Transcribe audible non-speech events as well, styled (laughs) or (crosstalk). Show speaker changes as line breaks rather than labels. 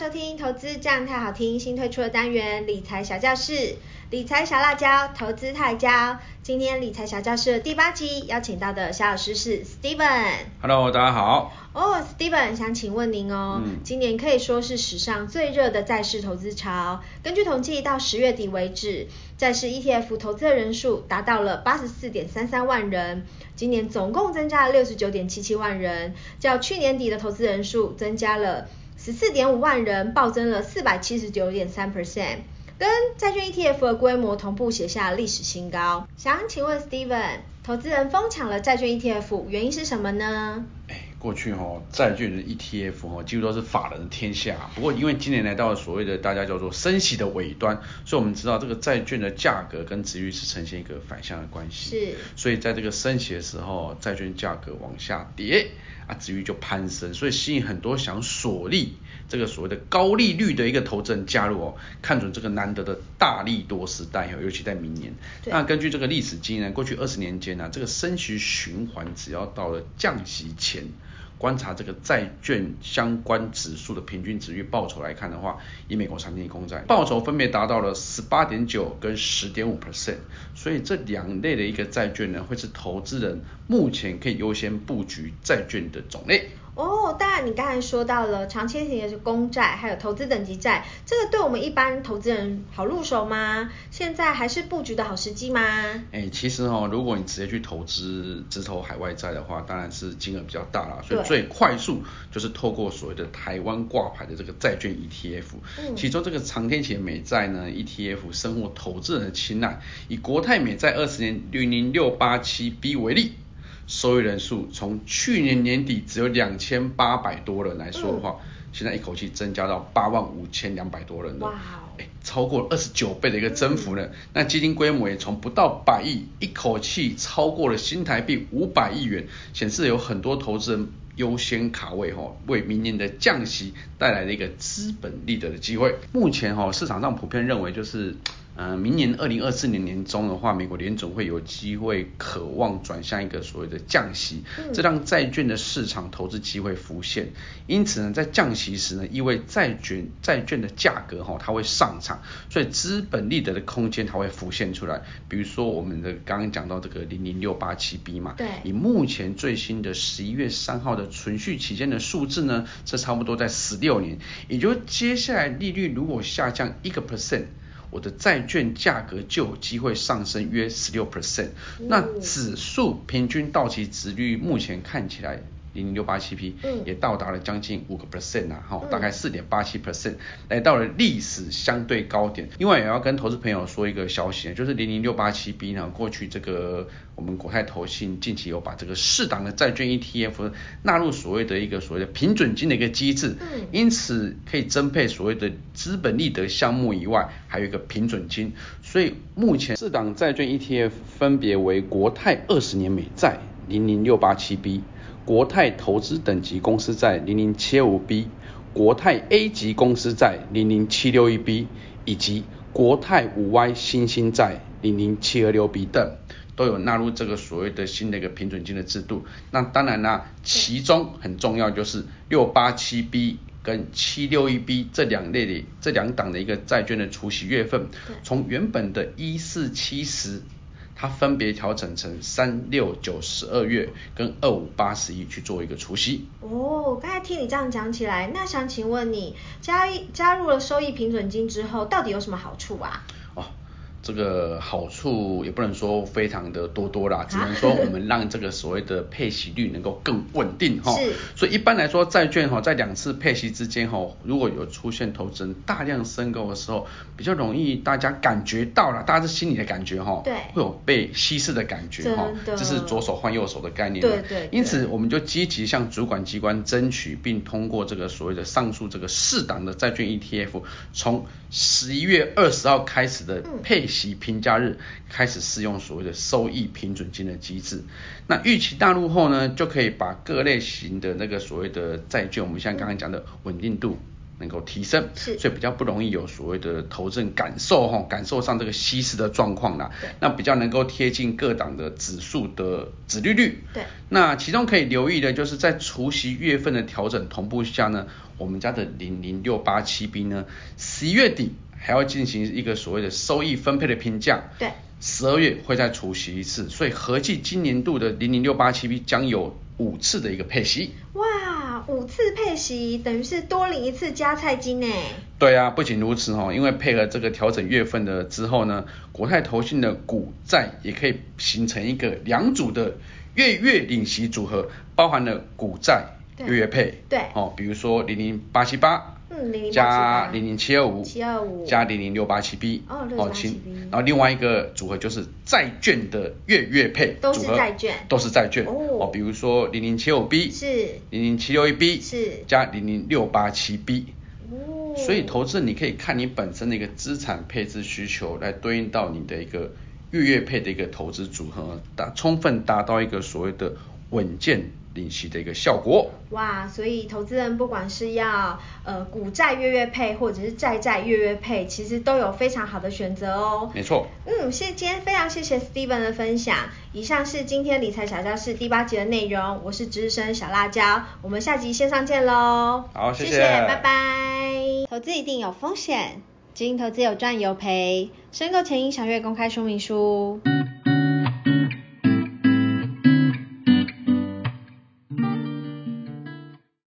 收聽投資這樣泰好聽，新推出的單元理財小教室，理財小辣椒，投資泰椒。今天理財小教室的第八期邀請到的小老師是 Steven。Hello，大家好。哦、oh,，Steven，想請問您哦、嗯，今年可以說是史上最熱的債市投資潮。根據統計，到十月底為止，債市 ETF 投資的人數達到了八十四點三三萬人，今年總共增加了六十九點七七萬人，較去年底的投資人數增加了，十四點五萬人，暴增了四百七十九點三 percent，跟債券 ETF 的規模同步寫下歷史新高。想請問 Steven，投資人瘋搶了債券 ETF，原因是什麼呢？
過去吼、哦，債券的 ETF 吼、哦，幾乎都是法人的天下、啊。不過，因為今年來到了所謂的大家叫做升息的尾端，所以我們知道這個債券的價格跟殖利率是呈現一個反向的關係。是。所以在這個升息的時候，債券價格往下跌啊，殖利率就攀升，所以吸引很多想鎖利這個所謂的高利率的一個投資人加入哦，看準這個難得的大利多時代哦，尤其在明年。那根據這個歷史經驗，過去二十年間呢、啊，這個升息循環只要到了降息前。觀察這個債券相關指數的平均值與報酬來看的話，以美國長天期公債報酬分別達到了十八點九跟十點五 percent，所以這兩類的一個債券呢，會是投資人目前可以優先布局債券的種類。
哦，當然，你剛才說到了長天期的是公債，還有投資等級債，這個對我們一般投資人好入手嗎？現在還是布局的好時機嗎？
哎，其實哦，如果你直接去投資直投海外債的話，當然是金額比較大啦，所以最快速就是透過所謂的台灣掛牌的這個債券 ETF，嗯。其中這個長天期美債呢 ETF 深獲投資人的青睞，以國泰美債二十年零零六八七 B 為例。受益人數從去年年底只有兩千八百多人來說的話，現在一口氣增加到八萬五千兩百多人，哇，哎，超過二十九倍的一個增幅呢。那基金規模也從不到百億，一口氣超過了新台幣五百億元，顯示有很多投資人優先卡位吼、喔，為明年的降息帶來了一個資本利得的機會。目前、喔、市場上普遍認為就是。呃，明年二零二四年年中的話，美國聯準會有機會渴望轉向一個所謂的降息，嗯，這讓債券的市場投資機會浮現。因此呢，在降息時呢，因為債券債券的價格哈，哦，它會上漲，所以資本利得的空間它會浮現出來。比如說，我們的剛剛講到這個零零六八七 B 嘛，對，以目前最新的十一月三號的存續期間的數字呢，這差不多在十六年，也就是接下來利率如果下降一個 percent。我的債券價格就有機會上升約十六 percent，那指數平均到期殖率目前看起來。零零六八七 B 也到達了將近五個 percent 啊，哈、嗯，大概四點八七 percent，來到了歷史相對高點。另外也要跟投資朋友說一個消息，就是零零六八七 B 呢，過去這個我們國泰投信近期有把這個四檔的債券 ETF 納入所謂的一個所謂的平準金的一個機制，嗯，因此可以增配所謂的資本利得項目以外，還有一個平準金。所以目前四檔債券 ETF 分別為國泰二十年美債。零零六八七 B 國泰投資等級公司債，零零七二五 B 國泰 A 級公司債，零零七六一 B 以及國泰五 Y 新興債零零七二六 B 等都有納入這個所謂的新的一個平準金的制度。那當然啦、啊，其中很重要就是六八七 B 跟七六一 B 這兩類的這兩檔的一個債券的除息月份，從原本的一四七十。它分別調整成三六九十二月跟二五八十一去做一個除息。
哦，剛才聽你這樣講起來，那想請問你加加入了收益平準金之後，到底有什麼好處啊？
這個好處也不能說非常的多多啦，只能說我們讓這個所謂的配息率能夠更穩定哈、 (laughs) 哦。是。所以一般來說，債券哈、哦、在兩次配息之間哈、哦，如果有出現投資人大量申購的時候，比較容易大家感覺到啦，大家是心裡的感覺哈、哦，對，會有被稀釋的感覺哈、哦，這是左手換右手的概念。對，對對。因此，我們就積極向主管機關爭取，並通過這個所謂的上述這個四檔的債券 ETF，從十一月二十號開始的配息、嗯。息平價日開始使用所謂的收益平準金的機制，那預期大陸後呢，就可以把各類型的那個所謂的債券，我們像剛剛講的穩定度能夠提升，是，所以比較不容易有所謂的投資感受哈，感受上這個稀釋的狀況啦，那比較能夠貼近各檔的指數的殖利率，對，那其中可以留意的就是在除息月份的調整同步下呢，我們家的零零六八七 B 呢，十一月底，還要進行一個所謂的收益分配的評價，對，十二月會再除息一次，所以合計今年度的零零六八七 B 將有五次的一個配息。
哇，五次配息，等於是多領一次加菜金耶，
對啊，不僅如此哦，因為配合這個調整月份的之後呢，國泰投信的股債也可以形成一個兩組的月月領息組合，包含了股債月月配，對，對，哦，比如說零零八七八。
嗯，
零零七二五，加零零六八七 B，哦六八七 B，然後另外一個組合就是債券的月月配組合，都是債券，都是債券哦，哦，比如說零零七五 B，是，零零七六一 B，是，加零零六八七 B，所以投資你可以看你本身的一個資產配置需求來對應到你的一個月月配的一個投資組合，達充分達到一個所謂的。穩健利息的一個效果。
哇，所以投資人不管是要呃股債月月配，或者是債債月月配，其實都有非常好的選擇哦。沒錯。嗯，謝謝今天非常謝謝 Steven 的分享。以上是今天理財小教室第八集的內容，我是資深小辣椒，我們下集線上見嘍。好謝謝，謝謝，拜拜。投資一定有風險，基金投資有賺有賠，申購前應詳閱公開說明書。嗯